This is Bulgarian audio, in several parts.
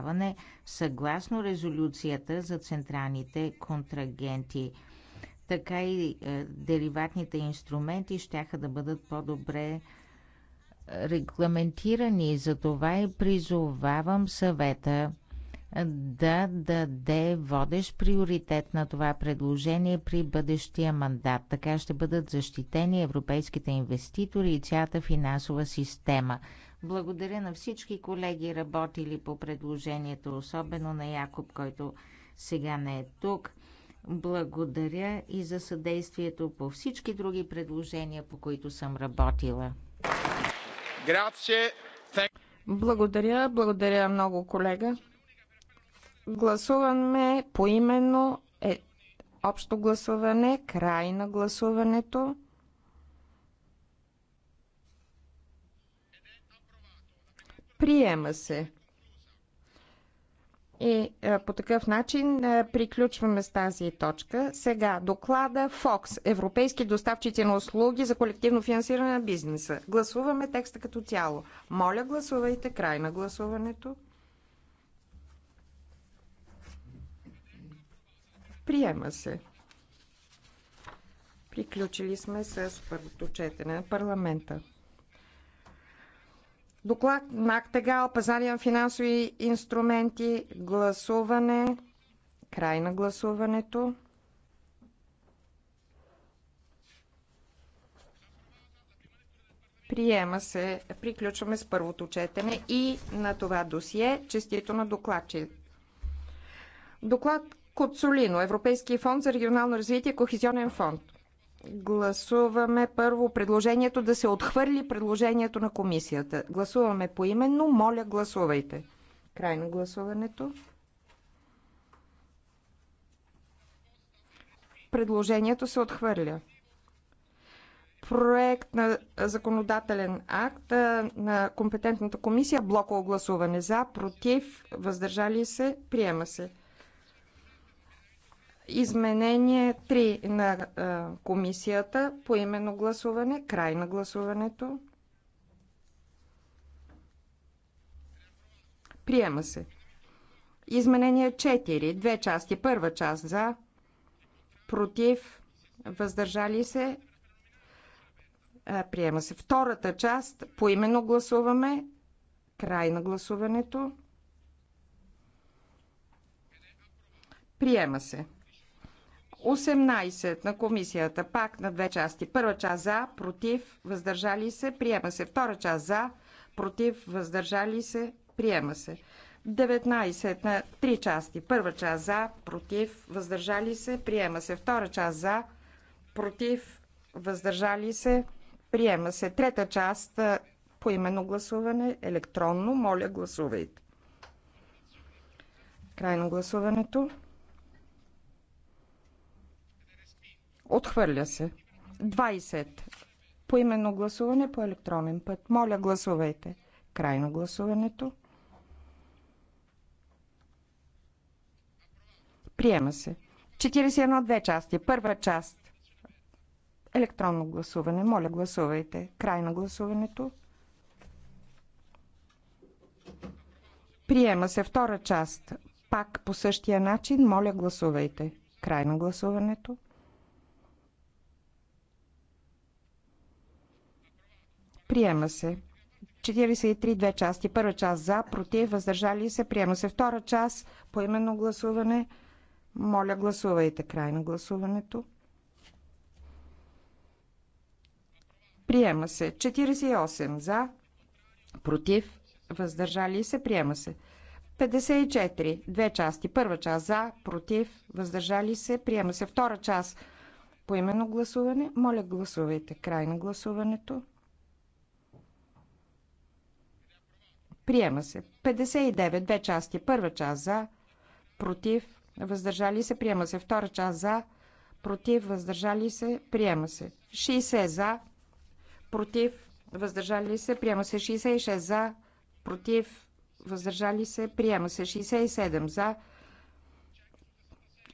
разрешаване съгласно резолюцията за централните контрагенти. Така и е, дериватните инструменти ще да бъдат по-добре е, регламентирани. Затова и призовавам съвета е, да даде водещ приоритет на това предложение при бъдещия мандат. Така ще бъдат защитени европейските инвеститори и цялата финансова система. Благодаря на всички колеги, работили по предложението, особено на Якоб, който сега не е тук. Благодаря и за съдействието по всички други предложения, по които съм работила. Благодаря, благодаря много, колега. Гласуваме поименно е общо гласуване, край на гласуването. Приема се. И а, по такъв начин а, приключваме с тази точка. Сега доклада ФОКС Европейски доставчици на услуги за колективно финансиране на бизнеса. Гласуваме текста като цяло. Моля, гласувайте край на гласуването. Приема се. Приключили сме с първото четене на парламента. Доклад Актегал, пазари на е финансови инструменти, гласуване, край на гласуването. Приема се. Приключваме с първото четене и на това досие. Честито на докладчи. Доклад Коцолино, Европейски фонд за регионално развитие, Кохизионен фонд. Гласуваме първо предложението да се отхвърли предложението на комисията. Гласуваме поименно. Моля, гласувайте. Край на гласуването. Предложението се отхвърля. Проект на законодателен акт на компетентната комисия. Блоково гласуване за, против, въздържали се, приема се. Изменение 3 на а, комисията по именно гласуване, край на гласуването. Приема се. Изменение 4. Две части. Първа част за, против, въздържали се. А, приема се. Втората част. по именно гласуваме. Край на гласуването. Приема се. 18 на комисията, пак на две части. Първа част за, против, въздържали се, приема се. Втора част за, против, въздържали се, приема се. 19 на три части. Първа част за, против, въздържали се, приема се. Втора част за, против, въздържали се, приема се. Трета част по именно гласуване, електронно. Моля, гласувайте. Край на гласуването. Отхвърля се. 20. По именно гласуване по електронен път. Моля, гласувайте. Край на гласуването. Приема се. 41 две части. Първа част. Електронно гласуване. Моля, гласувайте. Край на гласуването. Приема се втора част. Пак по същия начин. Моля, гласувайте. Край на гласуването. Приема се. 43 две части. Първа част за, против, въздържали се. Приема се. Втора част по именно гласуване. Моля, гласувайте край на гласуването. Приема се. 48 за, против, въздържали се. Приема се. 54. Две части. Първа част за, против, въздържали се. Приема се. Втора част по именно гласуване. Моля, гласувайте край на гласуването. Приема се. 59. Две части. Първа част за. Против. Въздържали се. Приема се. Втора част за. Против. Въздържали се. Приема се. 60 за. Против. Въздържали се. Приема се. 66 за. Против. Въздържали се. Приема се. 67 за.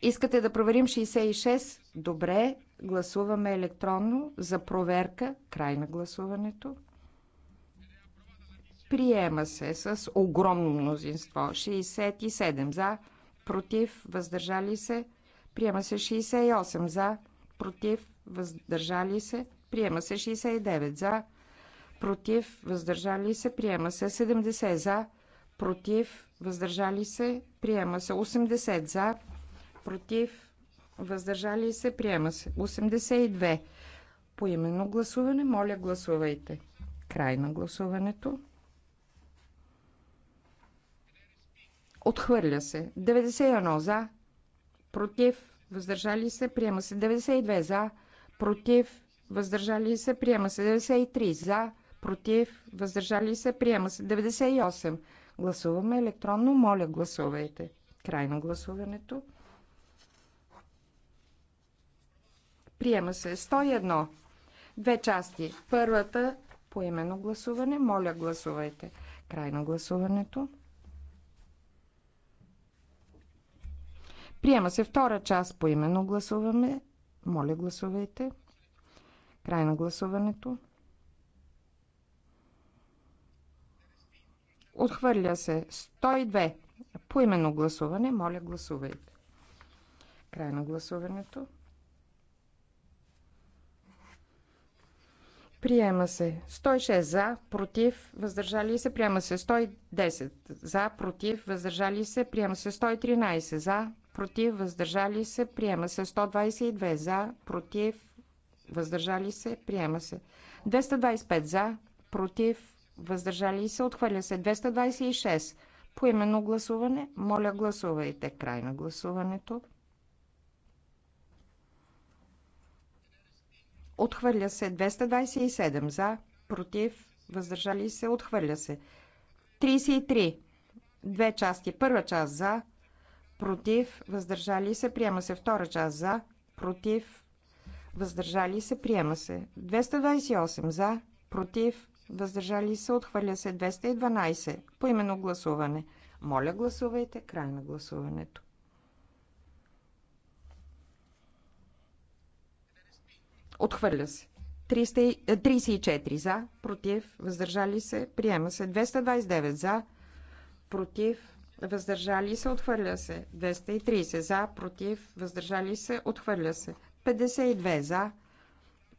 Искате да проверим 66? Добре. Гласуваме електронно за проверка. Край на гласуването. Приема се с огромно мнозинство. 67 за, против, въздържали се. Приема се 68 за, против, въздържали се. Приема се 69 за, против, въздържали се. Приема се 70 за, против, въздържали се. Приема се 80 за, против, въздържали се. Приема се 82. По именно гласуване, моля гласувайте. Край на гласуването. Отхвърля се. 91 за. Против. Въздържали се. Приема се. 92 за. Против. Въздържали се. Приема се. 93 за. Против. Въздържали се. Приема се. 98. Гласуваме електронно. Моля, гласувайте. Край на гласуването. Приема се 101. Две части. Първата по именно гласуване. Моля, гласувайте. Край на гласуването. Приема се втора част по именно гласуваме. Моля, гласувайте. Край на гласуването. Отхвърля се 102. По именно гласуване, моля, гласувайте. Край на гласуването. Приема се 106 за, против, въздържали се. Приема се 110 за, против, въздържали се. Приема се 113 за, против, въздържали се, приема се. 122 за, против, въздържали се, приема се. 225 за, против, въздържали се, отхвърля се. 226 по именно гласуване. Моля, гласувайте. Край на гласуването. Отхвърля се 227 за, против, въздържали се, отхвърля се. 33. Две части. Първа част за, против, въздържали се, приема се. Втора част за, против, въздържали се, приема се. 228 за, против, въздържали се, отхвърля се. 212 по именно гласуване. Моля, гласувайте. Край на гласуването. Отхвърля се. 34 е, за, против, въздържали се, приема се. 229 за, против, въздържали се, отхвърля се. 230 за, против, въздържали се, отхвърля се. 52 за,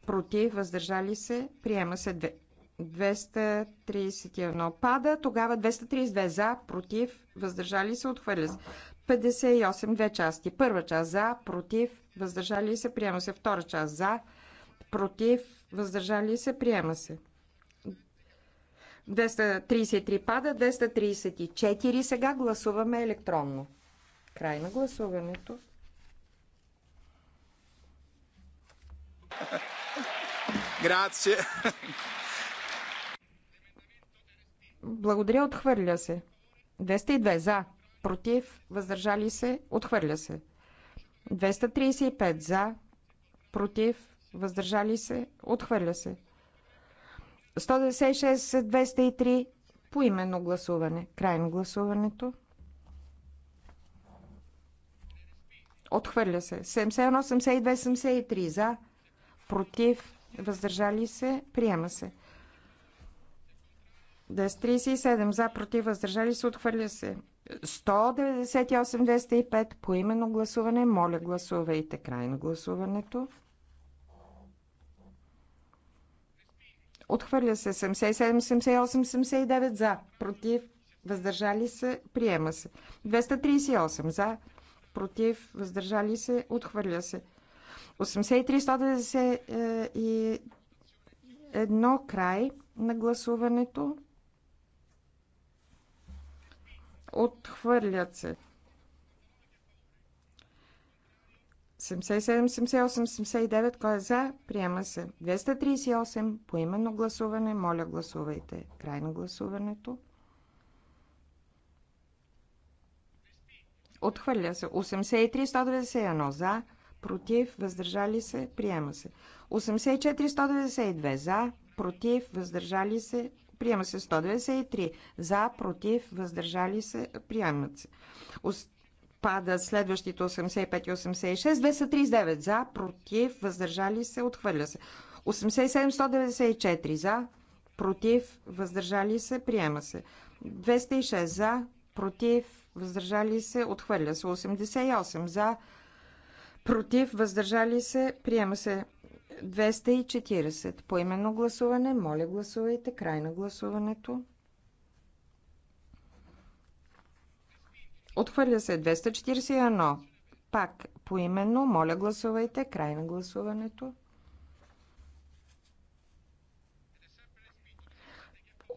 против, въздържали се, приема се 231 пада, тогава 232 за, против, въздържали се, отхвърля се. 58 две части. Първа част за, против, въздържали се, приема се. Втора част за, против, въздържали се, приема се. 233 пада, 234. Сега гласуваме електронно. Край на гласуването. Грация. Благодаря, отхвърля се. 202 за, против, въздържали се, отхвърля се. 235 за, против, въздържали се, отхвърля се. 196-203 по именно гласуване. Крайно гласуването. Отхвърля се. 71, 82, 73 за. Против. Въздържали се. Приема се. 237 за. Против. Въздържали се. Отхвърля се. 198-205 по именно гласуване. Моля гласувайте край на гласуването. Отхвърля се 77, 78, 79 за. Против. Въздържали се. Приема се. 238 за. Против. Въздържали се. Отхвърля се. 83, едно край на гласуването. Отхвърлят се. 77, 78, 79, кой е за, приема се. 238, поименно гласуване, моля гласувайте. Край на гласуването. Отхвърля се. 83, 191 за, против, въздържали се, приема се. 84, 192 за, против, въздържали се, приема се. 193 за, против, въздържали се, приемат се пада следващите 85 и 86, 239 за, против, въздържали се, отхвърля се. 87, 194 за, против, въздържали се, приема се. 206 за, против, въздържали се, отхвърля се. 88 за, против, въздържали се, приема се. 240. По именно гласуване, моля гласувайте. Край на гласуването. Отхвърля се 241. Пак поименно, моля гласувайте. Край на гласуването.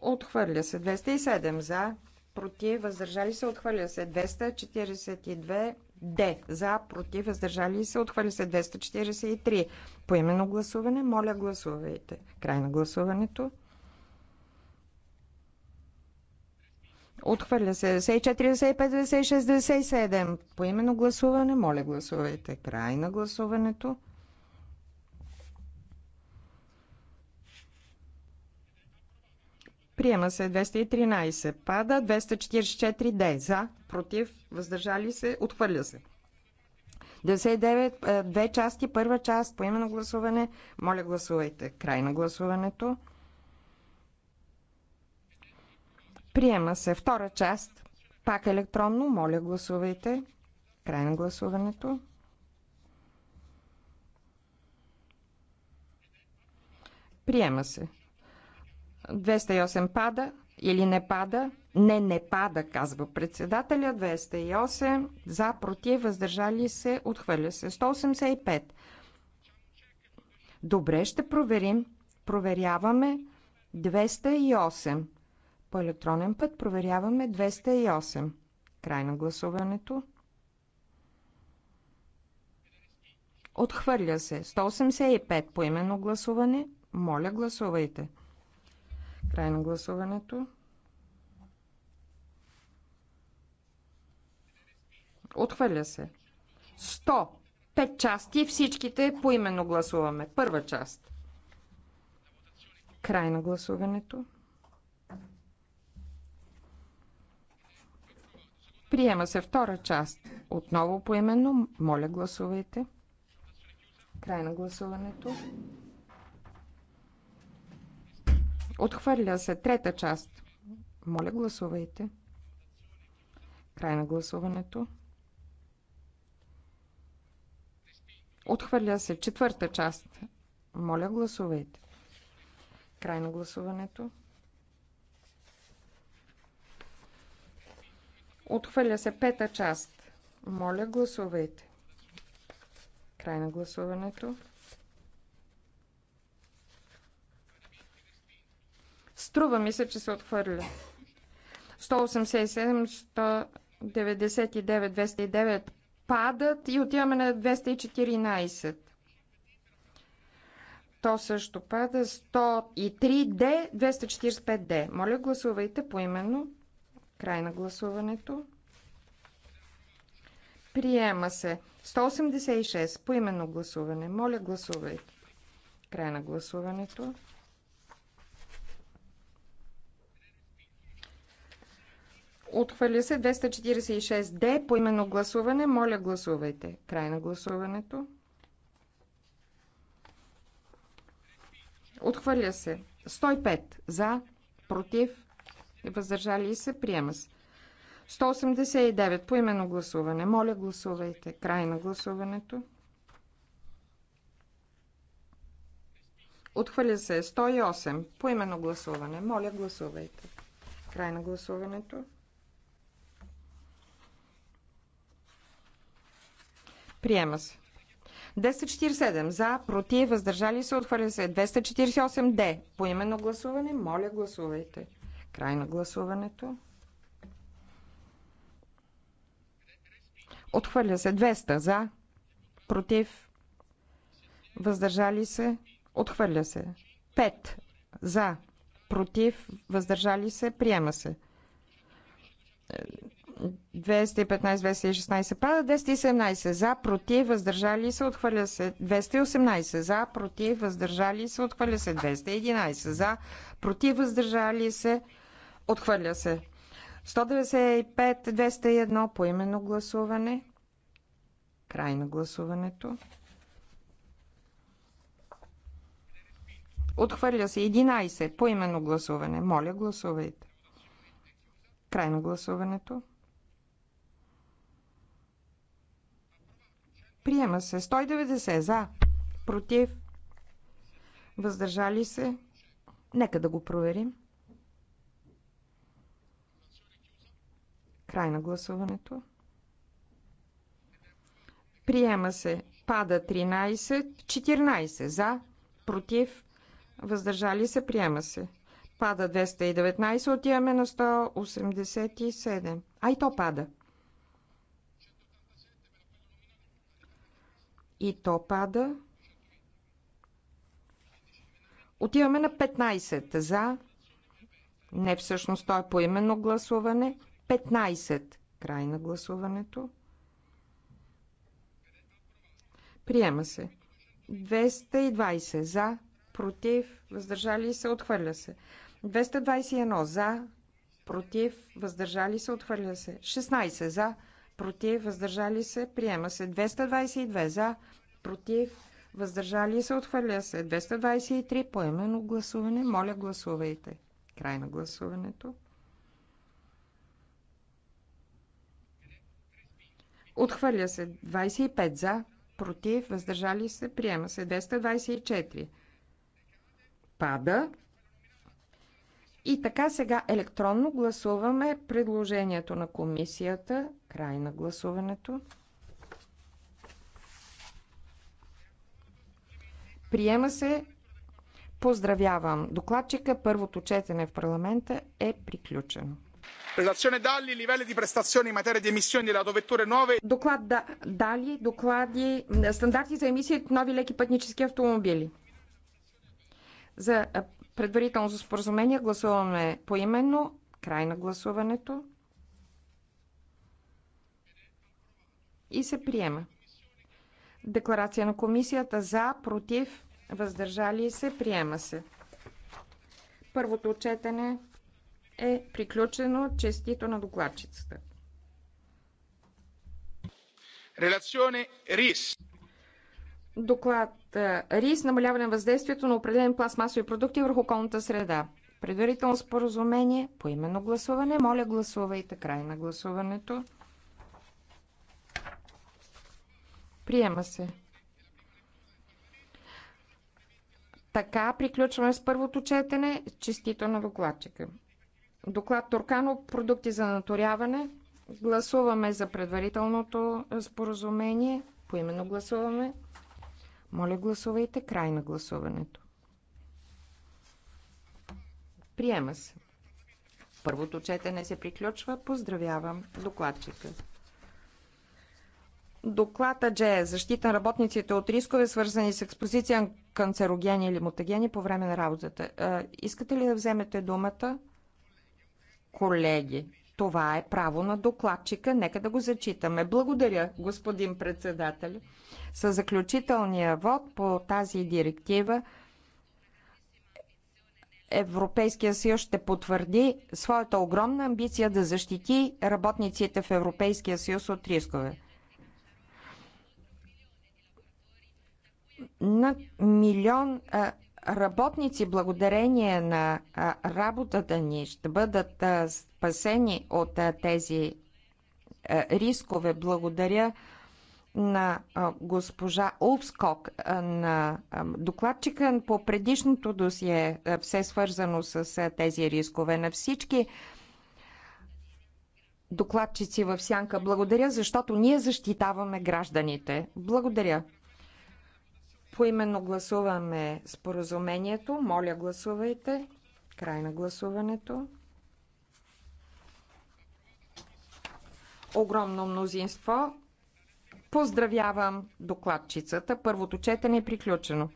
Отхвърля се 207 за, против, въздържали се, отхвърля се 242 Д. За, против, въздържали се, отхвърля се 243. По именно гласуване, моля гласувайте. Край на гласуването. Отхвърля се 94, 95, 96, 97. По именно гласуване, моля гласувайте. Край на гласуването. Приема се 213. Пада 244 Д. За, против, въздържали се, отхвърля се. 99, е, две части, първа част, по именно гласуване. Моля гласувайте. Край на гласуването. Приема се втора част. Пак електронно. Моля, гласувайте. Край на гласуването. Приема се. 208 пада или не пада. Не, не пада, казва председателя. 208 за, против, въздържали се, отхвърля се. 185. Добре, ще проверим. Проверяваме 208. По електронен път проверяваме 208. Край на гласуването. Отхвърля се. 185 по именно гласуване. Моля, гласувайте. Край на гласуването. Отхвърля се. 100. Пет части. Всичките по именно гласуваме. Първа част. Край на гласуването. Приема се втора част. Отново поименно. Моля, гласувайте. Край на гласуването. Отхвърля се трета част. Моля, гласувайте. Край на гласуването. Отхвърля се четвърта част. Моля, гласувайте. Край на гласуването. Отхвърля се пета част. Моля, гласувайте. Край на гласуването. Струва ми се, че се отхвърля. 187, 199, 209 падат и отиваме на 214. То също пада 103D, 245D. Моля, гласувайте поименно. именно. Край на гласуването. Приема се 186 по именно гласуване. Моля, гласувайте. Край на гласуването. Отхвърля се 246 Д. по именно гласуване. Моля, гласувайте. Край на гласуването. Отхвърля се 105 за, против, въздържали се, приема се. 189 по именно гласуване. Моля, гласувайте. Край на гласуването. Отхвърля се 108 по именно гласуване. Моля, гласувайте. Край на гласуването. Приема се. 247 за, против, въздържали се, отхвърля се. 248 Д. По именно гласуване, моля гласувайте. Край на гласуването. Отхвърля се 200 за, против, въздържали се, отхвърля се. 5 за, против, въздържали се, приема се. 215-216 пада, 217 за, против, въздържали се, отхвърля се 218 за, против, въздържали се, отхвърля се 211 за, против, въздържали се, Отхвърля се. 195-201 по именно гласуване. Край на гласуването. Отхвърля се 11 по именно гласуване. Моля, гласувайте. Край на гласуването. Приема се 190 за, против, въздържали се. Нека да го проверим. Край на гласуването. Приема се. Пада 13, 14 за, против, въздържали се, приема се. Пада 219, отиваме на 187. А и то пада. И то пада. Отиваме на 15 за. Не всъщност той е поименно гласуване. 15. Край на гласуването. Приема се. 220 за, против, въздържали се, отхвърля се. 221 за, против, въздържали се, отхвърля се. 16 за, против, въздържали се, приема се. 222 за, против, въздържали се, отхвърля се. 223 поемено гласуване. Моля, гласувайте. Край на гласуването. Отхвърля се 25 за, против, въздържали се, приема се 224. Пада. И така сега електронно гласуваме предложението на комисията. Край на гласуването. Приема се. Поздравявам. Докладчика първото четене в парламента е приключено. Relazione Dalli, livelli di prestazioni in materia di emissioni delle autovetture nuove. Доклад да, Дали, доклади, стандарти за емисии от нови леки пътнически автомобили. За предварително за споразумение гласуваме поименно. Край на гласуването. И се приема. Декларация на комисията за, против, въздържали се, приема се. Първото отчетене е приключено. Честито на докладчицата. Релационе РИС. Доклад е, РИС намаляване на въздействието на определени пластмасови продукти върху околната среда. Предварително споразумение, по именно гласуване. Моля, гласувайте край на гласуването. Приема се. Така приключваме с първото четене. Честито на докладчика. Доклад Туркано продукти за наторяване. Гласуваме за предварителното споразумение. Поименно гласуваме. Моля, гласувайте край на гласуването. Приема се. Първото четене се приключва. Поздравявам докладчика. Доклада Дже защита на работниците от рискове, свързани с експозиция на канцерогени или мутагени по време на работата. Е, искате ли да вземете думата? Колеги, това е право на докладчика, нека да го зачитаме. Благодаря, господин председател. С заключителния вод по тази директива Европейския съюз ще потвърди своята огромна амбиция да защити работниците в Европейския съюз от рискове. На милион а, работници, благодарение на работата ни, ще бъдат спасени от тези рискове. Благодаря на госпожа Улскок, на докладчика по предишното досие, все свързано с тези рискове, на всички докладчици в Сянка. Благодаря, защото ние защитаваме гражданите. Благодаря. Поименно гласуваме споразумението. Моля, гласувайте. Край на гласуването. Огромно мнозинство. Поздравявам докладчицата. Първото четене е приключено.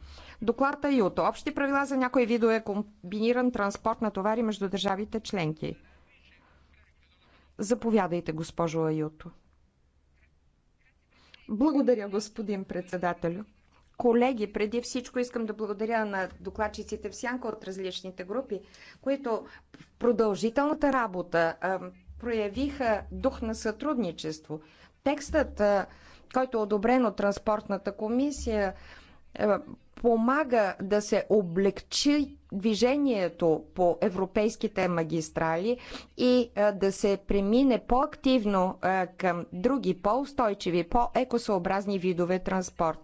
Доклад е Юто. Общи правила за някои видове комбиниран транспорт на товари между държавите членки. Заповядайте, госпожо Аюто. Благодаря, господин председателю. Колеги, преди всичко искам да благодаря на докладчиците в Сянка от различните групи, които в продължителната работа а, проявиха дух на сътрудничество. Текстът, а, който е одобрен от Транспортната комисия, а, помага да се облегчи движението по европейските магистрали и да се премине по-активно към други, по-устойчиви, по-екосъобразни видове транспорт.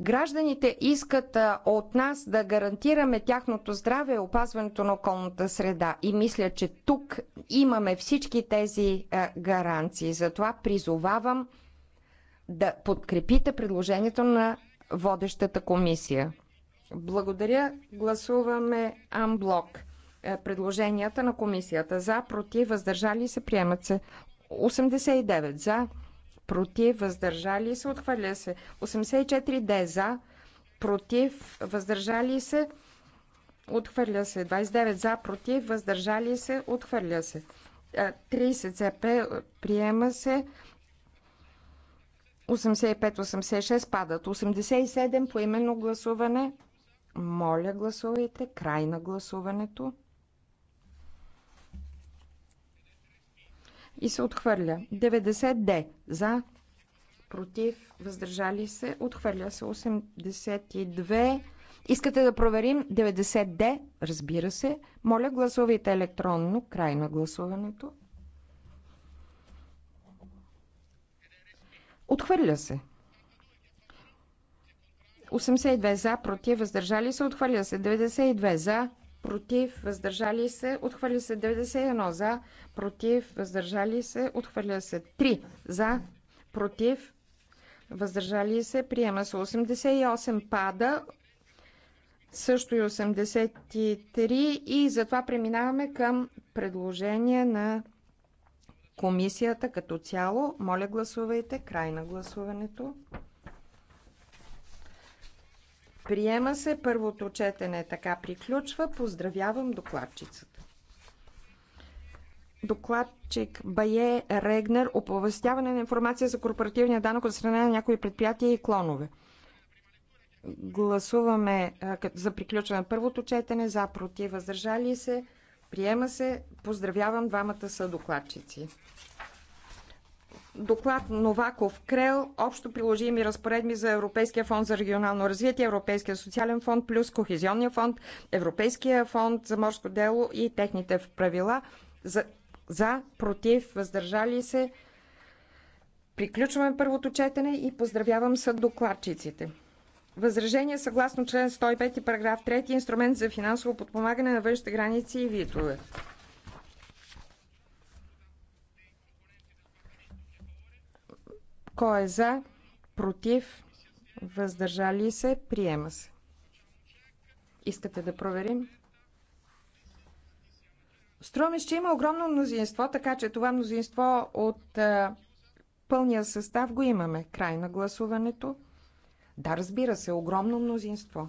Гражданите искат от нас да гарантираме тяхното здраве и опазването на околната среда. И мисля, че тук имаме всички тези гаранции. Затова призовавам да подкрепите предложението на водещата комисия. Благодаря. Гласуваме Амблок. Е, предложенията на комисията за, против, въздържали се, приемат се. 89 за, против, въздържали се, отхвърля се. 84 Д за, против, въздържали се, отхвърля се. 29 за, против, въздържали се, отхвърля се. 30 ЦП приема се. 85-86 падат. 87 по именно гласуване. Моля, гласувайте. Край на гласуването. и се отхвърля. 90 Д за, против, въздържали се, отхвърля се. 82. Искате да проверим 90 Д, Разбира се. Моля, гласувайте електронно. Край на гласуването. Отхвърля се. 82 за, против, въздържали се, отхвърля се. 92 за, против, въздържали се, отхвърля се 91 за, против, въздържали се, отхвърля се 3 за, против, въздържали се, приема се 88 пада, също и 83 и затова преминаваме към предложение на комисията като цяло. Моля гласувайте, край на гласуването. Приема се първото четене, така приключва. Поздравявам докладчицата. Докладчик Бае Регнер оповестяване на информация за корпоративния данък от страна на някои предприятия и клонове. Гласуваме за приключване на първото четене, за против, въздържали се. Приема се. Поздравявам двамата са докладчици. Доклад Новаков Крел, общо приложими разпоредби за Европейския фонд за регионално развитие, Европейския социален фонд плюс Кохезионния фонд, Европейския фонд за морско дело и техните правила за, за против, въздържали се. Приключваме първото четене и поздравявам съд докладчиците. Възражение съгласно член 105 параграф 3 инструмент за финансово подпомагане на външните граници и витове. Кой е за? Против? Въздържали се? Приема се. Искате да проверим? Струваме, че има огромно мнозинство, така че това мнозинство от а, пълния състав го имаме. Край на гласуването. Да, разбира се, огромно мнозинство.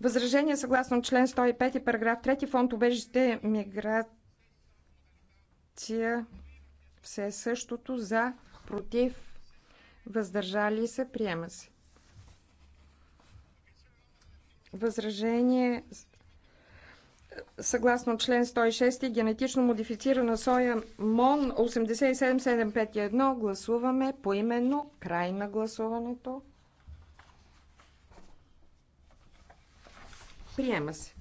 Възражение съгласно член 105 параграф 3 фонд обежище миграция все същото за, против, въздържали се, приема се. Възражение съгласно член 106 генетично модифицирана соя МОН 87751 гласуваме поименно край на гласуването. Приема се.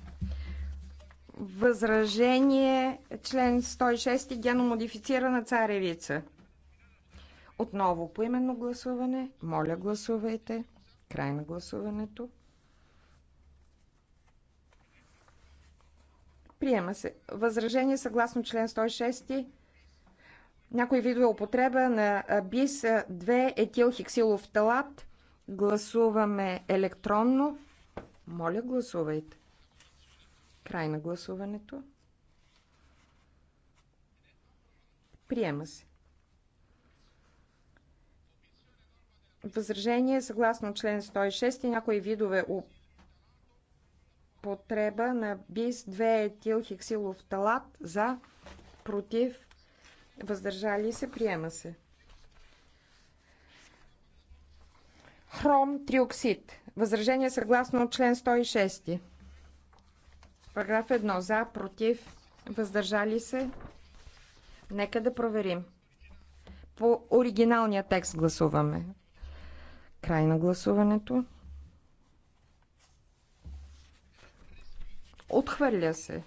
Възражение член 106 геномодифицирана царевица. Отново поименно гласуване. Моля гласувайте. Край на гласуването. Приема се. Възражение съгласно член 106 някои видове употреба на бис 2 етилхиксилов талат. Гласуваме електронно. Моля, гласувайте. Край на гласуването. Приема се. Възражение съгласно член 106 и някои видове употреба на бис 2 хексилов талат за против въздържали се приема се. Хром триоксид. Възражение съгласно член 106. Параграф 1. За, против, въздържали се. Нека да проверим. По оригиналния текст гласуваме. Край на гласуването. Отхвърля се.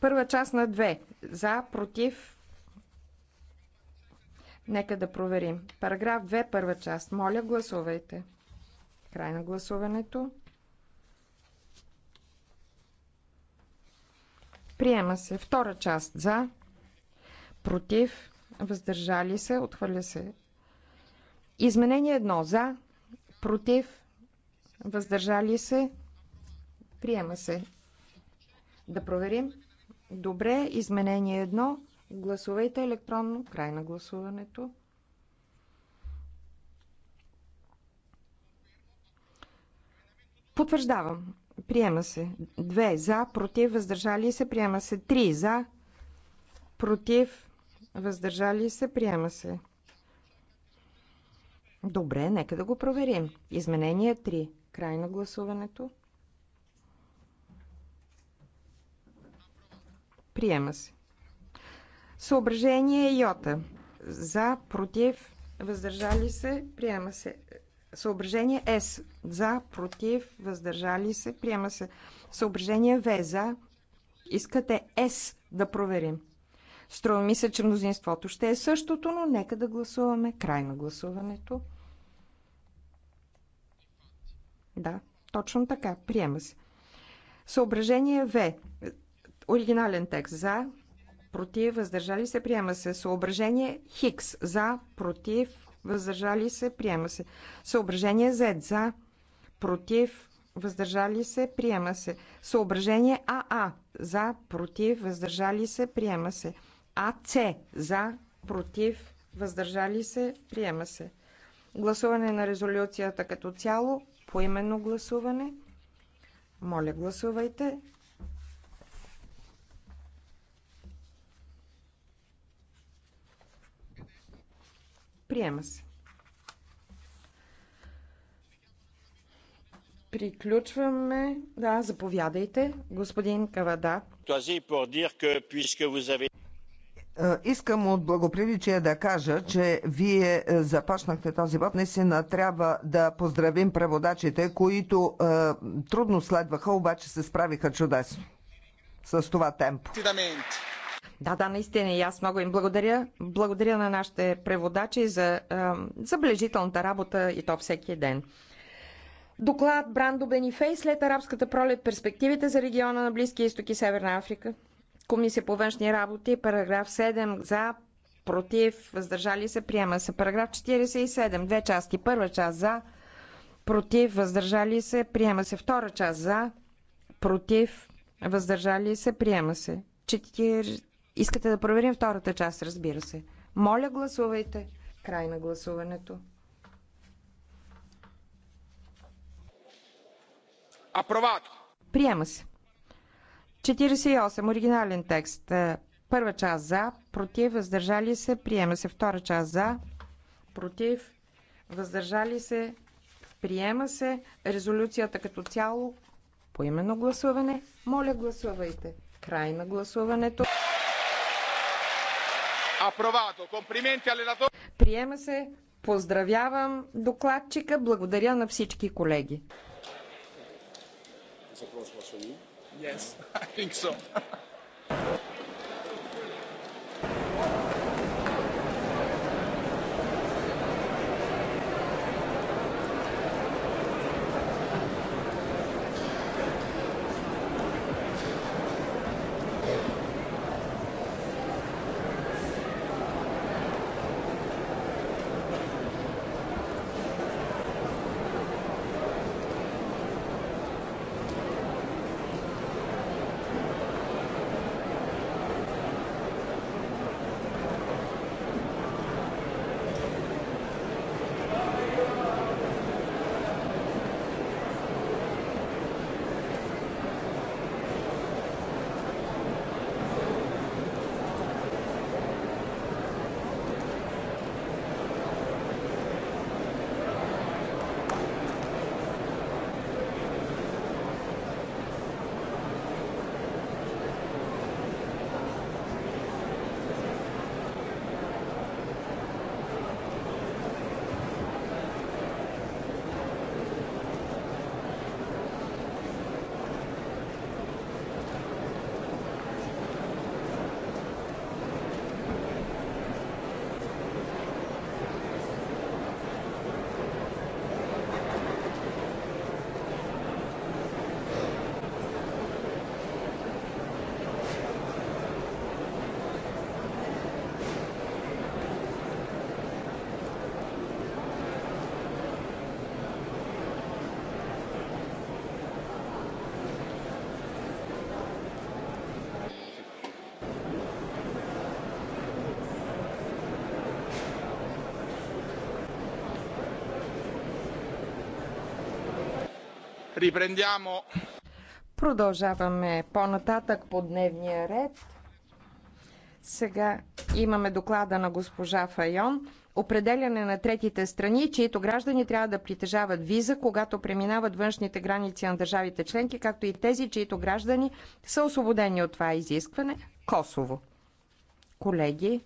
Първа част на две. За, против. Нека да проверим. Параграф 2, първа част. Моля, гласувайте. Край на гласуването. Приема се втора част за, против, въздържали се, отхвърля се. Изменение едно за, против, въздържали се, приема се. Да проверим. Добре, изменение едно. Гласувайте електронно. Край на гласуването. Потвърждавам. Приема се. Две за, против, въздържали се, приема се. Три за, против, въздържали се, приема се. Добре, нека да го проверим. Изменение 3. Край на гласуването. Приема се. Съображение Йота. За, против, въздържали се, приема се. Съображение С. За, против, въздържали се, приема се. Съображение В. За, искате С да проверим. Струва ми се, че мнозинството ще е същото, но нека да гласуваме. Край на гласуването. Да, точно така. Приема се. Съображение В. Оригинален текст за, против, въздържали се, приема се. Съображение Хикс за, против, въздържали се, приема се. Съображение Z за, против, въздържали се, приема се. Съображение АА за, против, въздържали се, приема се. АЦ за, против, въздържали се, приема се. Гласуване на резолюцията като цяло, поименно гласуване. Моля, гласувайте. Приема се. Приключваме. Да, заповядайте, господин Кавада. Е, искам от благоприличие да кажа, че вие е, започнахте този път. Наистина трябва да поздравим преводачите, които е, трудно следваха, обаче се справиха чудесно с това темпо. Да, да, наистина и аз много им благодаря. Благодаря на нашите преводачи за забележителната работа и то всеки ден. Доклад Брандо Бенифей след арабската пролет перспективите за региона на Близкия изток и Северна Африка. Комисия по външни работи, параграф 7 за, против, въздържали се, приема се. Параграф 47, две части. Първа част за, против, въздържали се, приема се. Втора част за, против, въздържали се, приема се. Искате да проверим втората част, разбира се. Моля, гласувайте. Край на гласуването. Апровато. Приема се. 48. Оригинален текст. Е, първа част за, против, въздържали се, приема се. Втора част за, против, въздържали се, приема се. Резолюцията като цяло, поименно гласуване. Моля, гласувайте. Край на гласуването. Приема се. Поздравявам докладчика. Благодаря на всички колеги. Yes, I think so. Riprendiamo. Продължаваме по-нататък по дневния ред. Сега имаме доклада на госпожа Файон. Определяне на третите страни, чието граждани трябва да притежават виза, когато преминават външните граници на държавите членки, както и тези, чието граждани са освободени от това изискване. Косово. Колеги,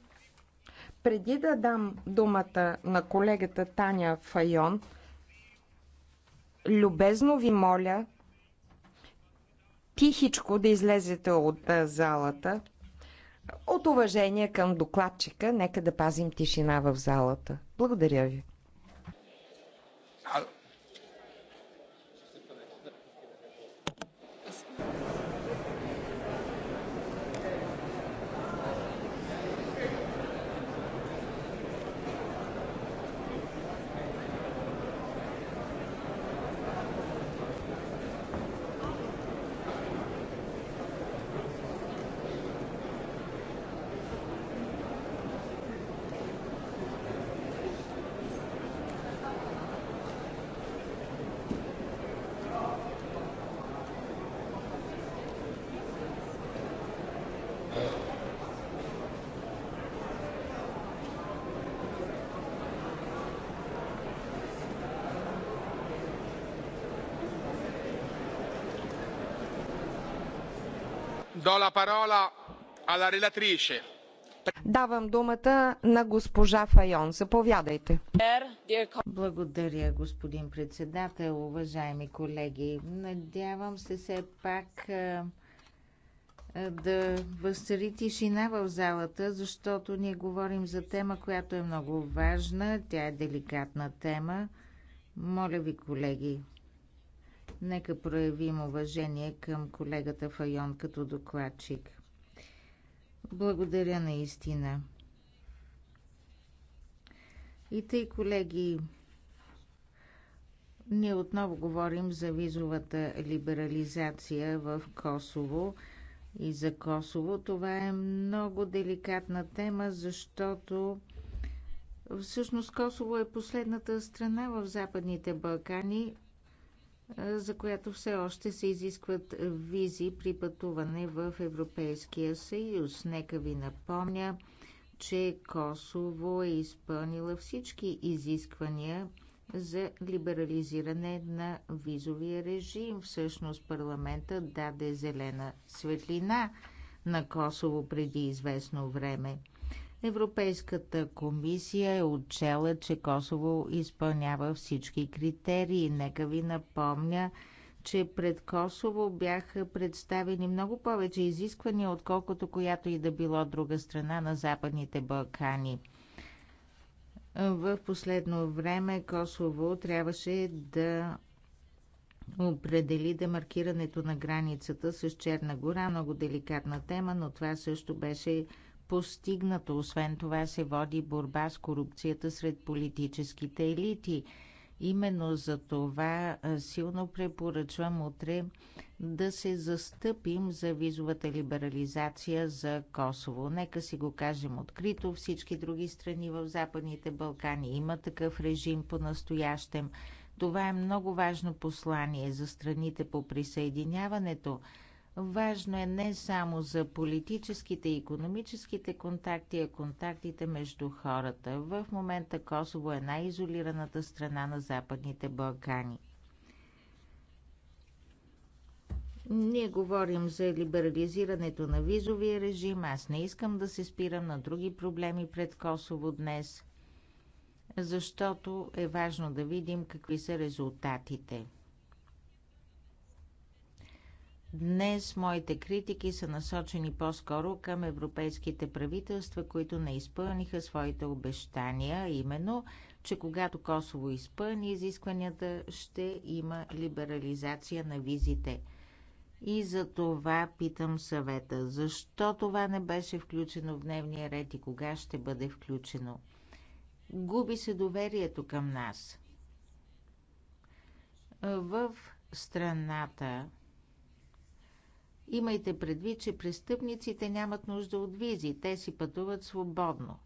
преди да дам думата на колегата Таня Файон, любезно ви моля тихичко да излезете от залата. От уважение към докладчика, нека да пазим тишина в залата. Благодаря ви. Давам думата на госпожа Файон. Заповядайте. Благодаря, господин председател, уважаеми колеги. Надявам се все пак да възцари тишина в залата, защото ние говорим за тема, която е много важна. Тя е деликатна тема. Моля ви, колеги, Нека проявим уважение към колегата Файон като докладчик. Благодаря наистина. И тъй, колеги, ние отново говорим за визовата либерализация в Косово. И за Косово това е много деликатна тема, защото всъщност Косово е последната страна в Западните Балкани, за която все още се изискват визи при пътуване в Европейския съюз. Нека ви напомня, че Косово е изпълнила всички изисквания за либерализиране на визовия режим. Всъщност парламента даде зелена светлина на Косово преди известно време. Европейската комисия е отчела, че Косово изпълнява всички критерии. Нека ви напомня, че пред Косово бяха представени много повече изисквания, отколкото която и да било друга страна на Западните Балкани. В последно време Косово трябваше да определи демаркирането на границата с Черна гора. Много деликатна тема, но това също беше постигнато. Освен това се води борба с корупцията сред политическите елити. Именно за това силно препоръчвам утре да се застъпим за визовата либерализация за Косово. Нека си го кажем открито. Всички други страни в Западните Балкани има такъв режим по-настоящем. Това е много важно послание за страните по присъединяването. Важно е не само за политическите и економическите контакти, а контактите между хората. В момента Косово е най-изолираната страна на Западните Балкани. Ние говорим за либерализирането на визовия режим. Аз не искам да се спирам на други проблеми пред Косово днес, защото е важно да видим какви са резултатите. Днес моите критики са насочени по-скоро към европейските правителства, които не изпълниха своите обещания, именно, че когато Косово изпълни изискванията, ще има либерализация на визите. И за това питам съвета. Защо това не беше включено в дневния ред и кога ще бъде включено? Губи се доверието към нас. В страната Имайте предвид, че престъпниците нямат нужда от визи, те си пътуват свободно.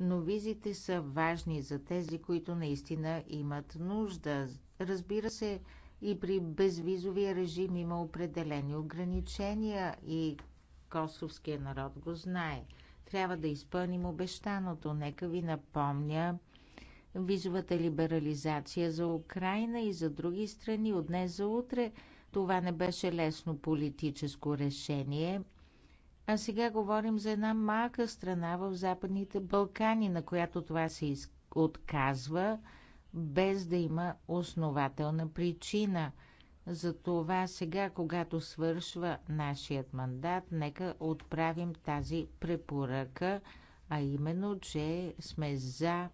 Но визите са важни за тези, които наистина имат нужда. Разбира се, и при безвизовия режим има определени ограничения и косовския народ го знае. Трябва да изпълним обещаното. Нека ви напомня визовата либерализация за Украина и за други страни от днес за утре – това не беше лесно политическо решение. А сега говорим за една малка страна в Западните Балкани, на която това се отказва, без да има основателна причина. Затова сега, когато свършва нашият мандат, нека отправим тази препоръка, а именно, че сме за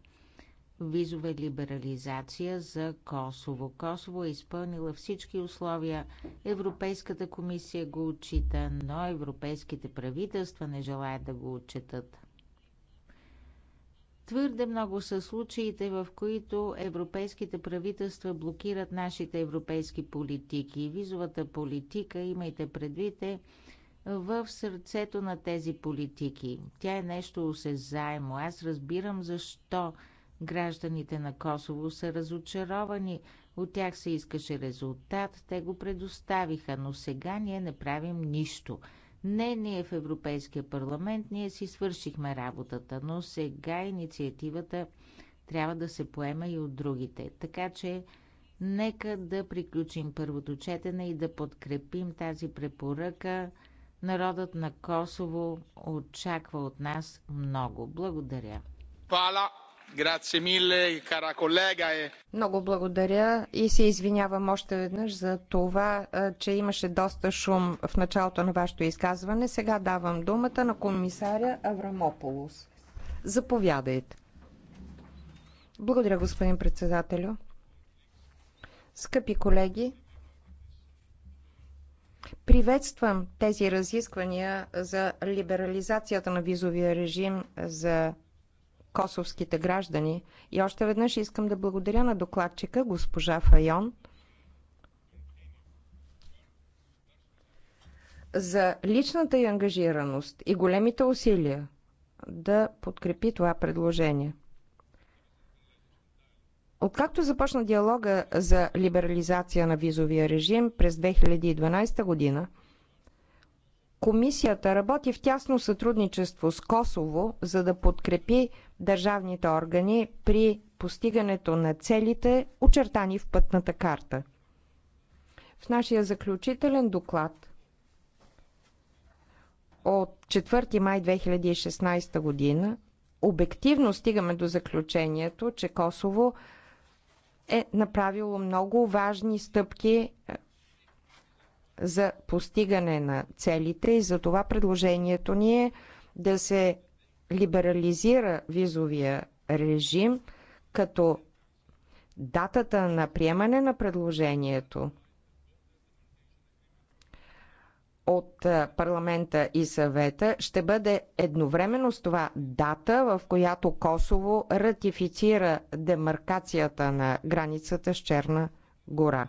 визова либерализация за Косово. Косово е изпълнила всички условия. Европейската комисия го отчита, но европейските правителства не желаят да го отчитат. Твърде много са случаите, в които европейските правителства блокират нашите европейски политики. Визовата политика, имайте предвид, е в сърцето на тези политики. Тя е нещо осезаемо. Аз разбирам защо Гражданите на Косово са разочаровани. От тях се искаше резултат, те го предоставиха, но сега ние не правим нищо. Не, ние в Европейския парламент, ние си свършихме работата, но сега инициативата трябва да се поема и от другите. Така че нека да приключим първото четене и да подкрепим тази препоръка. Народът на Косово очаква от нас много. Благодаря. Пала! E Много благодаря и се извинявам още веднъж за това, че имаше доста шум в началото на вашето изказване. Сега давам думата на комисаря Аврамополус. Заповядайте. Благодаря, господин председателю. Скъпи колеги, приветствам тези разисквания за либерализацията на визовия режим за косовските граждани. И още веднъж искам да благодаря на докладчика госпожа Файон за личната й ангажираност и големите усилия да подкрепи това предложение. Откакто започна диалога за либерализация на визовия режим през 2012 година, Комисията работи в тясно сътрудничество с Косово, за да подкрепи държавните органи при постигането на целите, очертани в пътната карта. В нашия заключителен доклад от 4 май 2016 година обективно стигаме до заключението, че Косово е направило много важни стъпки е, за постигане на целите и за това предложението ни е да се либерализира визовия режим, като датата на приемане на предложението от парламента и съвета ще бъде едновременно с това дата, в която Косово ратифицира демаркацията на границата с Черна гора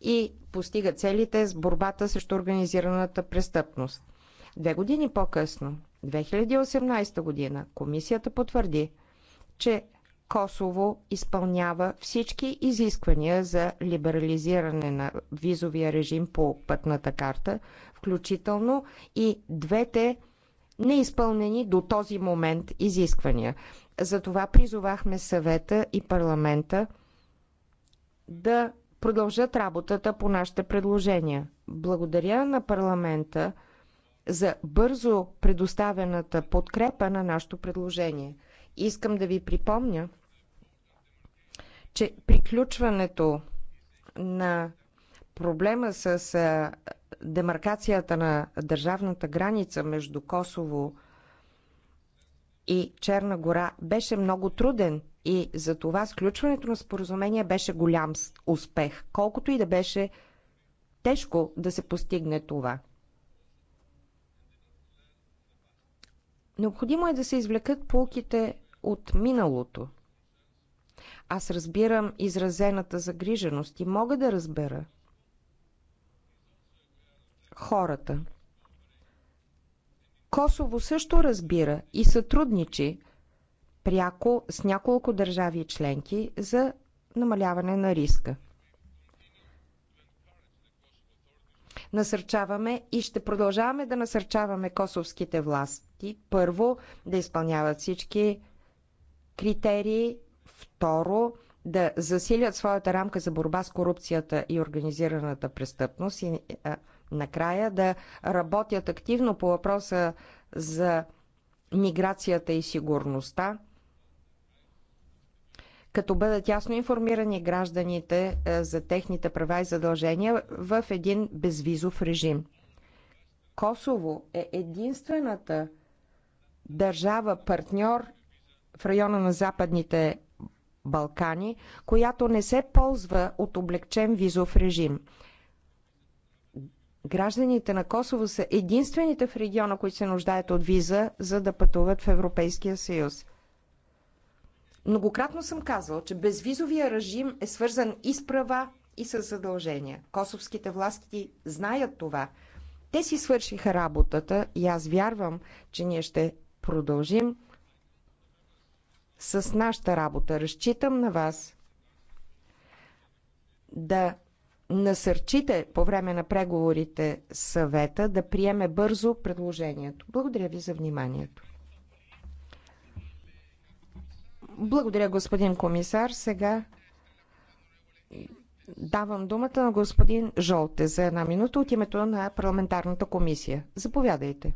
и постига целите с борбата срещу организираната престъпност. Две години по-късно, 2018 година, комисията потвърди, че Косово изпълнява всички изисквания за либерализиране на визовия режим по пътната карта, включително и двете неизпълнени до този момент изисквания. Затова призовахме съвета и парламента да продължат работата по нашите предложения. Благодаря на парламента за бързо предоставената подкрепа на нашето предложение. Искам да ви припомня, че приключването на проблема с демаркацията на държавната граница между Косово и и Черна гора беше много труден и за това сключването на споразумение беше голям успех, колкото и да беше тежко да се постигне това. Необходимо е да се извлекат полките от миналото. Аз разбирам изразената загриженост и мога да разбера хората – Косово също разбира и сътрудничи пряко с няколко държави членки за намаляване на риска. Насърчаваме и ще продължаваме да насърчаваме косовските власти. Първо, да изпълняват всички критерии. Второ, да засилят своята рамка за борба с корупцията и организираната престъпност. И, накрая да работят активно по въпроса за миграцията и сигурността, като бъдат ясно информирани гражданите е, за техните права и задължения в един безвизов режим. Косово е единствената държава партньор в района на Западните Балкани, която не се ползва от облегчен визов режим. Гражданите на Косово са единствените в региона, които се нуждаят от виза, за да пътуват в Европейския съюз. Многократно съм казал, че безвизовия режим е свързан и с права, и с задължения. Косовските власти знаят това. Те си свършиха работата и аз вярвам, че ние ще продължим с нашата работа. Разчитам на вас да насърчите по време на преговорите съвета да приеме бързо предложението. Благодаря ви за вниманието. Благодаря, господин комисар. Сега давам думата на господин Жолте за една минута от името на парламентарната комисия. Заповядайте.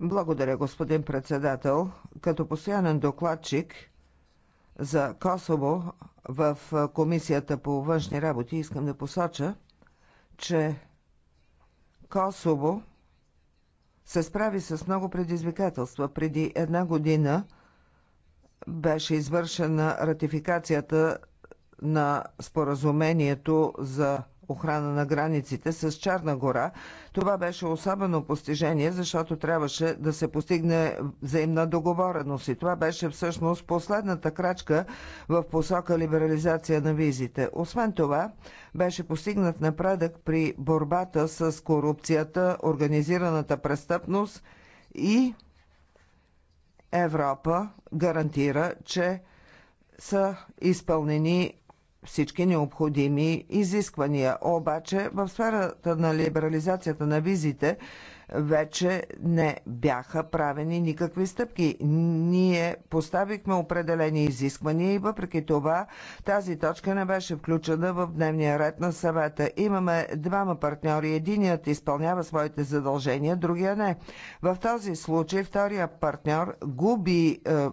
Благодаря, господин председател. Като постоянен докладчик за Косово в Комисията по външни работи искам да посоча, че Косово се справи с много предизвикателства. Преди една година беше извършена ратификацията на споразумението за охрана на границите с Чарна гора. Това беше особено постижение, защото трябваше да се постигне взаимна договореност и това беше всъщност последната крачка в посока либерализация на визите. Освен това, беше постигнат напредък при борбата с корупцията, организираната престъпност и Европа гарантира, че са изпълнени всички необходими изисквания. Обаче в сферата на либерализацията на визите вече не бяха правени никакви стъпки. Ние поставихме определени изисквания и въпреки това тази точка не беше включена в дневния ред на съвета. Имаме двама партньори. Единият изпълнява своите задължения, другия не. В този случай втория партньор губи е,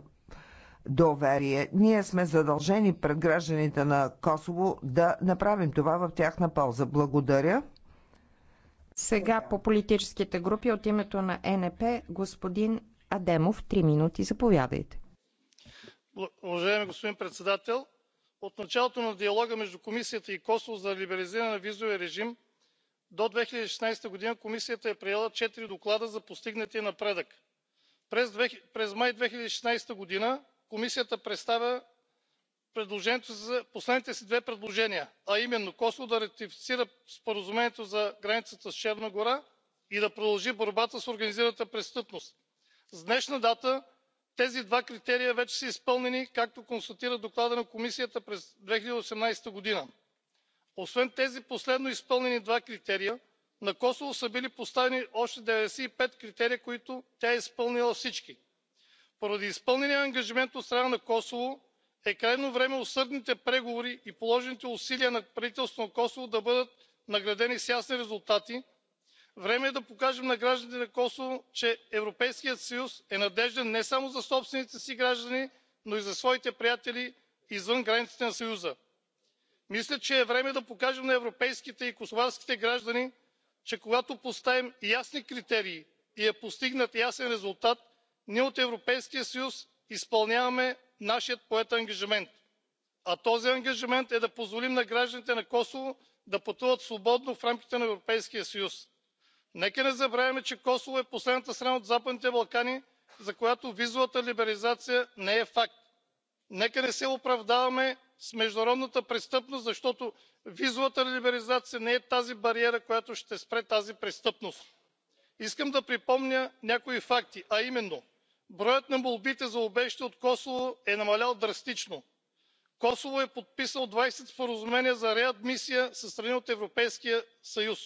доверие. Ние сме задължени пред гражданите на Косово да направим това в тяхна полза. Благодаря. Сега по политическите групи от името на НП господин Адемов, 3 минути, заповядайте. Уважаеми господин председател, от началото на диалога между Комисията и Косово за либерализиране на визовия режим до 2016 година Комисията е приела четири доклада за постигнатия напредък. През май 2016 година комисията представя последните си две предложения а именно Косово, да ратифицира споразумението за границата с черна гора и да продължи борбата с организираната престъпност. с днешна дата тези два критерия вече са изпълнени както констатира докладът на комисията през. две хиляди и осемнадесета г. освен тези последно изпълнени два критерия на Косово са били поставени още деветдесет и пет критерия които тя е изпълнила всички поради изпълнения ангажимент от страна на косово е крайно време усърдните преговори и положените усилия на правителството на косово да бъдат наградени с ясни резултати. време е да покажем на гражданите на косово че европейският съюз е надежден не само за собствените си граждани но и за своите приятели извън границите на съюза. мисля че е време да покажем на европейските и косоварските граждани че когато поставим ясни критерии и е постигнат ясен резултат ние от европейския съюз изпълняваме нашия поет ангажимент а този ангажимент е да позволим на гражданите на косово да пътуват свободно в рамките на европейския съюз. нека не забравяме че косово е последната страна от западните балкани за която визовата либерализация не е факт. нека не се оправдаваме с международната престъпност защото визовата либерализация не е тази бариера която ще спре тази престъпност искам да припомня някои факти а именно броят на молбите за убежище от косово е намалял драстично. косово е подписало двадесет споразумения за реадмисия със страни от европейския съюз.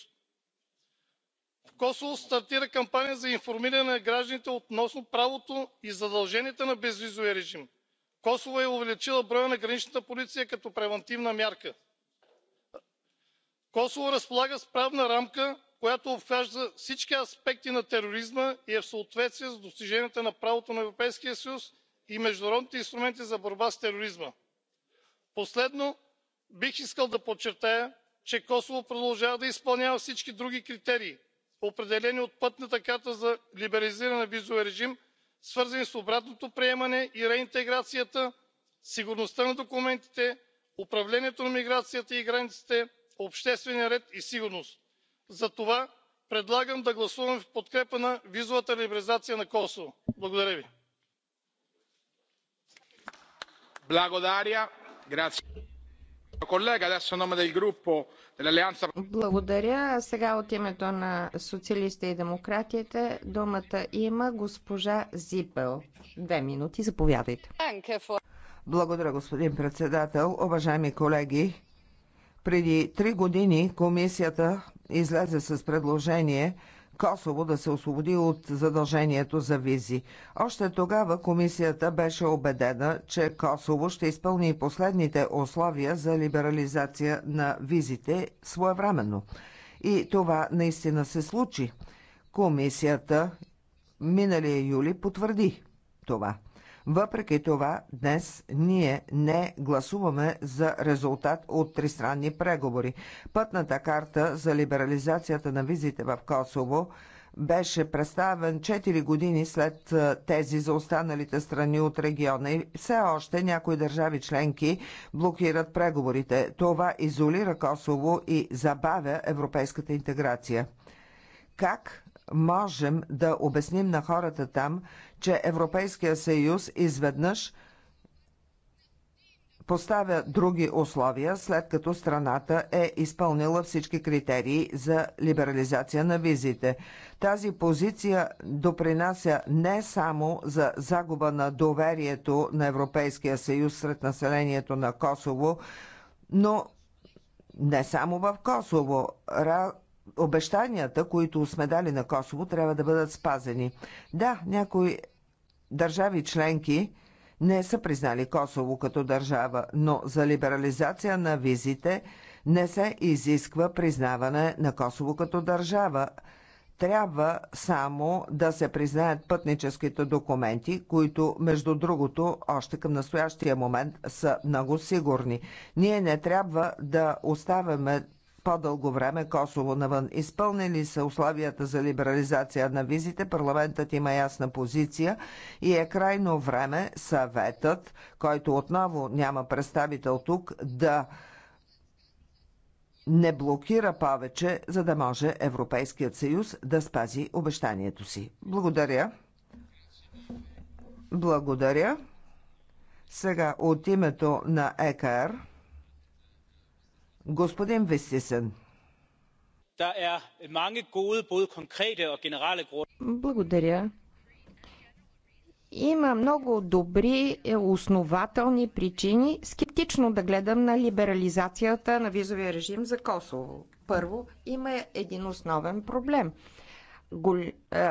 в косово стартира кампания за информиране на гражданите относно правото и задълженията на безвизовия режим. косово е увеличило броя на граничната полиция като превантивна мярка. косово разполага с правна рамка която обхваща всички аспекти на тероризма и е в съответствие с достиженията на правото на европейския съюз и международните инструменти за борба с тероризма. последно бих искал да подчертая че косово продължава да изпълнява всички други критерии определени от пътната карта за либерализиране на визовия режим свързани с обратното приемане и реинтеграцията сигурността на документите управлението на миграцията и границите обществения ред и сигурност затова предлагам да гласуваме в подкрепа на визовата либерализация на косово. благодаря ви. Благодаря. Сега от името на социалиста и демократите думата има госпожа Зипел. Две минути, заповядайте. Благодаря, господин председател. Уважаеми колеги, преди три години комисията излезе с предложение Косово да се освободи от задължението за визи. Още тогава комисията беше убедена, че Косово ще изпълни последните условия за либерализация на визите своевременно. И това наистина се случи. Комисията миналия юли потвърди това. Въпреки това, днес ние не гласуваме за резултат от тристранни преговори. Пътната карта за либерализацията на визите в Косово беше представен 4 години след тези за останалите страни от региона и все още някои държави членки блокират преговорите. Това изолира Косово и забавя европейската интеграция. Как можем да обясним на хората там, че Европейския съюз изведнъж поставя други условия, след като страната е изпълнила всички критерии за либерализация на визите. Тази позиция допринася не само за загуба на доверието на Европейския съюз сред населението на Косово, но не само в Косово обещанията, които сме дали на Косово, трябва да бъдат спазени. Да, някои държави членки не са признали Косово като държава, но за либерализация на визите не се изисква признаване на Косово като държава. Трябва само да се признаят пътническите документи, които, между другото, още към настоящия момент са много сигурни. Ние не трябва да оставяме по-дълго време Косово навън. Изпълнили са условията за либерализация на визите, парламентът има ясна позиция и е крайно време съветът, който отново няма представител тук, да не блокира повече, за да може Европейският съюз да спази обещанието си. Благодаря. Благодаря. Сега от името на ЕКР. Господин Вестисен. Er Благодаря. Има много добри е, основателни причини скептично да гледам на либерализацията на визовия режим за Косово. Първо, има един основен проблем. Е,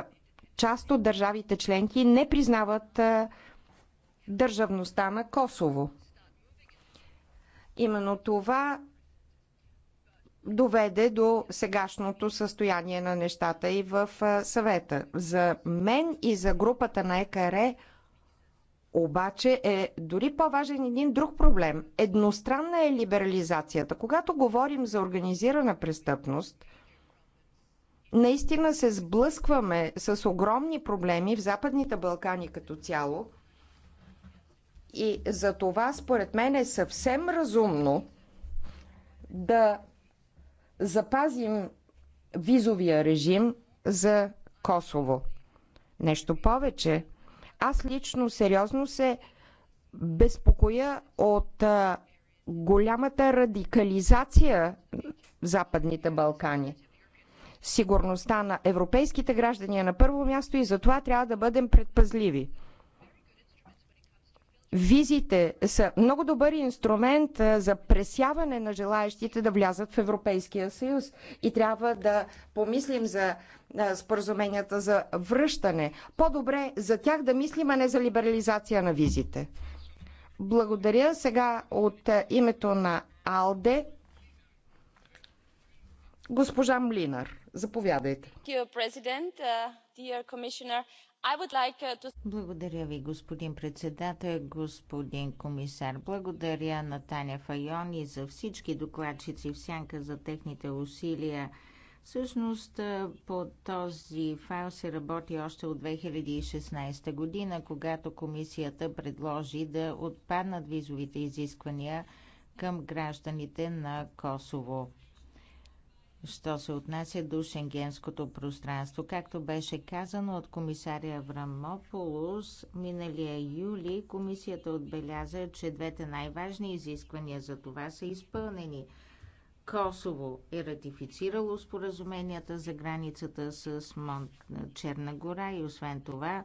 част от държавите членки не признават е, държавността на Косово. Именно това доведе до сегашното състояние на нещата и в съвета. За мен и за групата на ЕКР обаче е дори по-важен един друг проблем. Едностранна е либерализацията. Когато говорим за организирана престъпност, наистина се сблъскваме с огромни проблеми в Западните Балкани като цяло. И за това, според мен, е съвсем разумно да запазим визовия режим за Косово. Нещо повече, аз лично сериозно се безпокоя от а, голямата радикализация в Западните Балкани. Сигурността на европейските граждани е на първо място и затова трябва да бъдем предпазливи. Визите са много добър инструмент за пресяване на желаящите да влязат в Европейския съюз и трябва да помислим за споразуменията за връщане. По-добре за тях да мислим, а не за либерализация на визите. Благодаря сега от името на АЛДЕ госпожа Млинар. Заповядайте. Uh, Благодаря ви, господин председател, господин комисар. Благодаря на Таня Файон и за всички докладчици в сянка за техните усилия. Всъщност по този файл се работи още от 2016 година, когато комисията предложи да отпаднат визовите изисквания към гражданите на Косово що се отнася до шенгенското пространство. Както беше казано от комисаря Аврамополус, миналия юли комисията отбеляза, че двете най-важни изисквания за това са изпълнени. Косово е ратифицирало споразуменията за границата с Монт Черна гора и освен това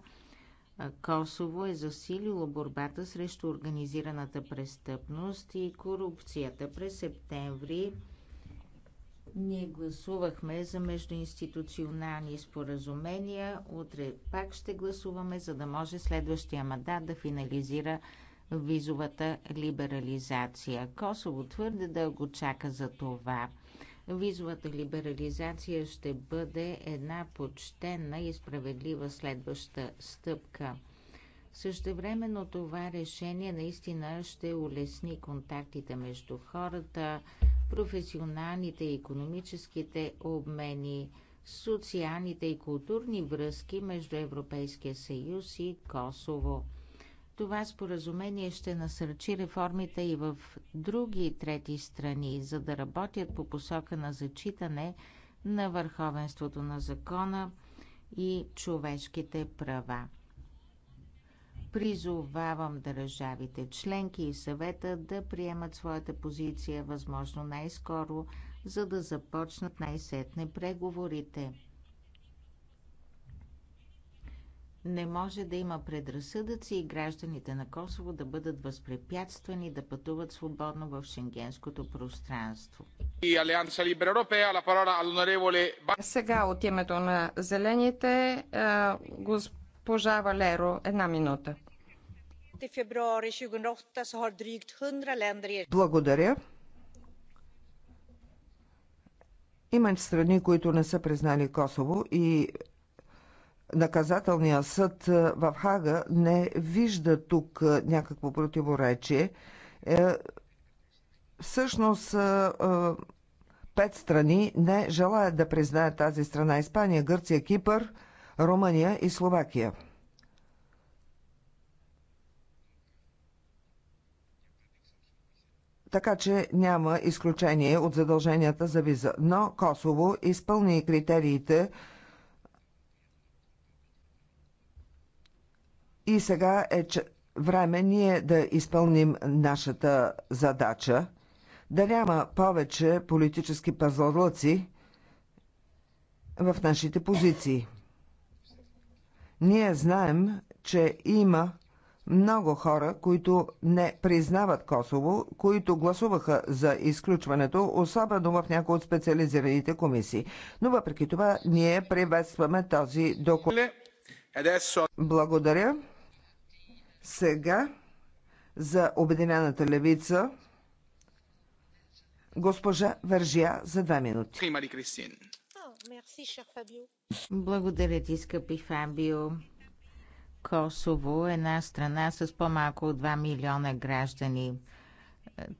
Косово е засилило борбата срещу организираната престъпност и корупцията. През септември ние гласувахме за междуинституционални споразумения. Утре пак ще гласуваме, за да може следващия мандат да финализира визовата либерализация. Косово твърде дълго чака за това. Визовата либерализация ще бъде една почтена и справедлива следваща стъпка. Същевременно това решение наистина ще улесни контактите между хората, професионалните и економическите обмени, социалните и културни връзки между Европейския съюз и Косово. Това споразумение ще насърчи реформите и в други трети страни, за да работят по посока на зачитане на върховенството на закона и човешките права. Призовавам държавите членки и съвета да приемат своята позиция възможно най-скоро, за да започнат най-сетне преговорите. Не може да има предразсъдъци и гражданите на Косово да бъдат възпрепятствани да пътуват свободно в шенгенското пространство. Сега от името на зелените господин Госпожа Валеро, една минута. Благодаря. Има страни, които не са признали Косово и наказателният съд в Хага не вижда тук някакво противоречие. Е, всъщност, е, пет страни не желаят да признаят тази страна. Испания, Гърция, Кипър – Румъния и Словакия. така че няма изключение от задълженията за виза. Но Косово изпълни критериите и сега е време ние да изпълним нашата задача, да няма повече политически пазарлъци в нашите позиции. Ние знаем, че има много хора, които не признават Косово, които гласуваха за изключването, особено в някои от специализираните комисии. Но въпреки това ние приветстваме този доклад. Благодаря. Сега за Обединената левица госпожа Вържия за две минути. Благодаря ти, скъпи Фабио. Косово е една страна с по-малко от 2 милиона граждани,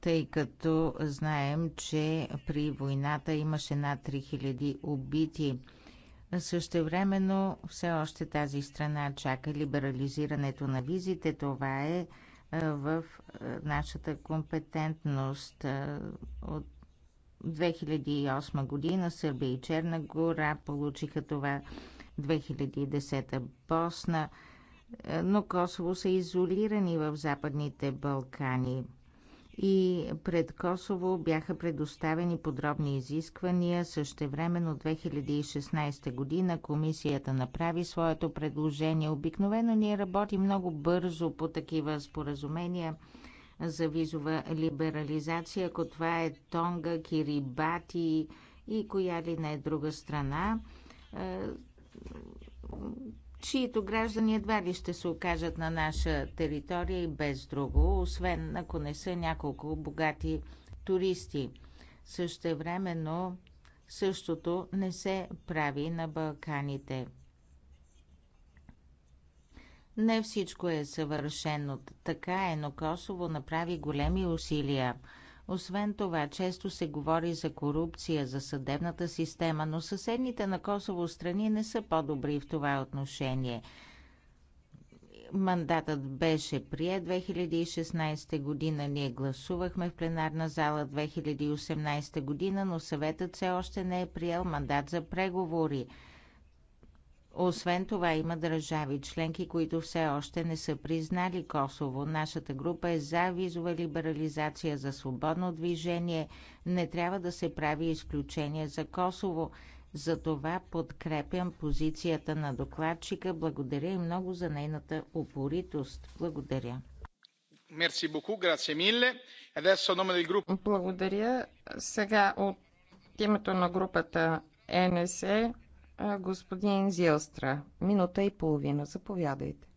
тъй като знаем, че при войната имаше над 3000 убити. времено все още тази страна чака либерализирането на визите. Това е в нашата компетентност. От 2008 година Сърбия и Черна гора получиха това 2010 Босна, е, но Косово са изолирани в Западните Балкани. И пред Косово бяха предоставени подробни изисквания. Същевременно 2016 година комисията направи своето предложение. Обикновено ние работим много бързо по такива споразумения – за визова либерализация, ако това е Тонга, Кирибати и коя ли не е друга страна, чието граждани едва ли ще се окажат на наша територия и без друго, освен ако не са няколко богати туристи. Същевременно същото не се прави на Балканите – не всичко е съвършено, така е, но Косово направи големи усилия. Освен това, често се говори за корупция, за съдебната система, но съседните на Косово страни не са по-добри в това отношение. Мандатът беше прие 2016 година, ние гласувахме в пленарна зала 2018 година, но съветът все още не е приел мандат за преговори – освен това има държави членки, които все още не са признали Косово. Нашата група е за визова либерализация, за свободно движение. Не трябва да се прави изключение за Косово. Затова подкрепям позицията на докладчика. Благодаря и много за нейната упоритост. Благодаря. Благодаря. Сега от името на групата НСЕ господин Зилстра. Минута и половина. Заповядайте.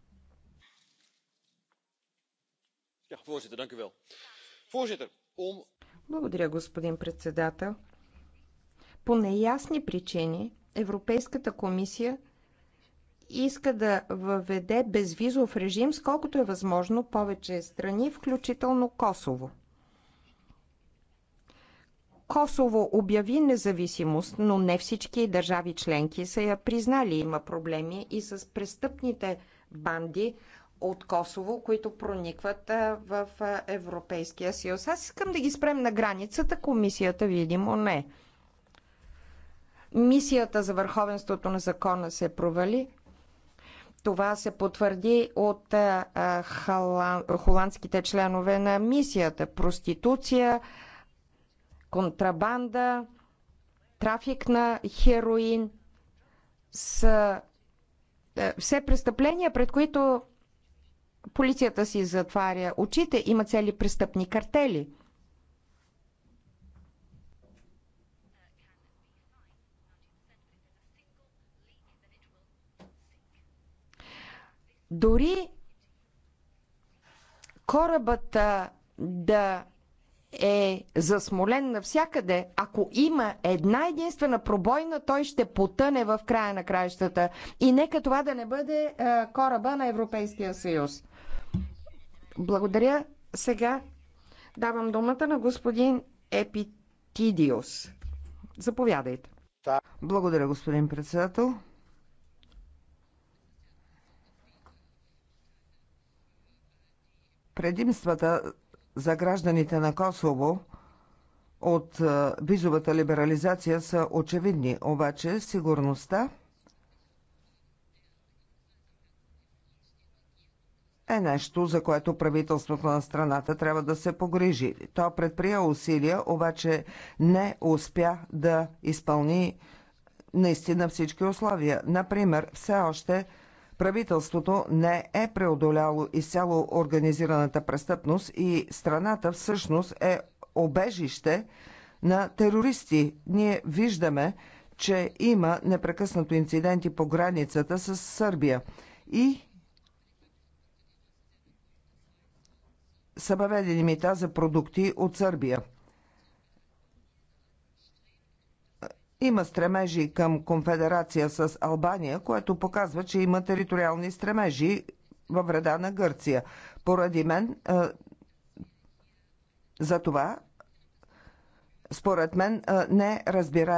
Благодаря, господин председател. По неясни причини Европейската комисия иска да въведе безвизов режим сколкото е възможно повече страни, включително Косово. Косово обяви независимост, но не всички държави членки са я признали. Има проблеми и с престъпните банди от Косово, които проникват в Европейския съюз. Аз искам да ги спрем на границата, комисията видимо не. Мисията за върховенството на закона се провали. Това се потвърди от холандските членове на мисията. Проституция, контрабанда, трафик на хероин са е, все престъпления, пред които полицията си затваря очите, има цели престъпни картели. Дори корабът да е засмолен навсякъде, ако има една единствена пробойна, той ще потъне в края на краищата. И нека това да не бъде е, кораба на Европейския съюз. Благодаря. Сега давам думата на господин Епитидиус. Заповядайте. Да. Благодаря, господин председател. Предимствата за гражданите на Косово от е, визовата либерализация са очевидни, обаче сигурността е нещо, за което правителството на страната трябва да се погрижи. То предприя усилия, обаче не успя да изпълни наистина всички условия. Например, все още Правителството не е преодоляло изцяло организираната престъпност и страната всъщност е обежище на терористи. Ние виждаме, че има непрекъснато инциденти по границата с Сърбия и са въведени мита за продукти от Сърбия. Има стремежи към конфедерация с Албания, което показва, че има териториални стремежи във вреда на Гърция. Поради мен, за това, според мен, не разбира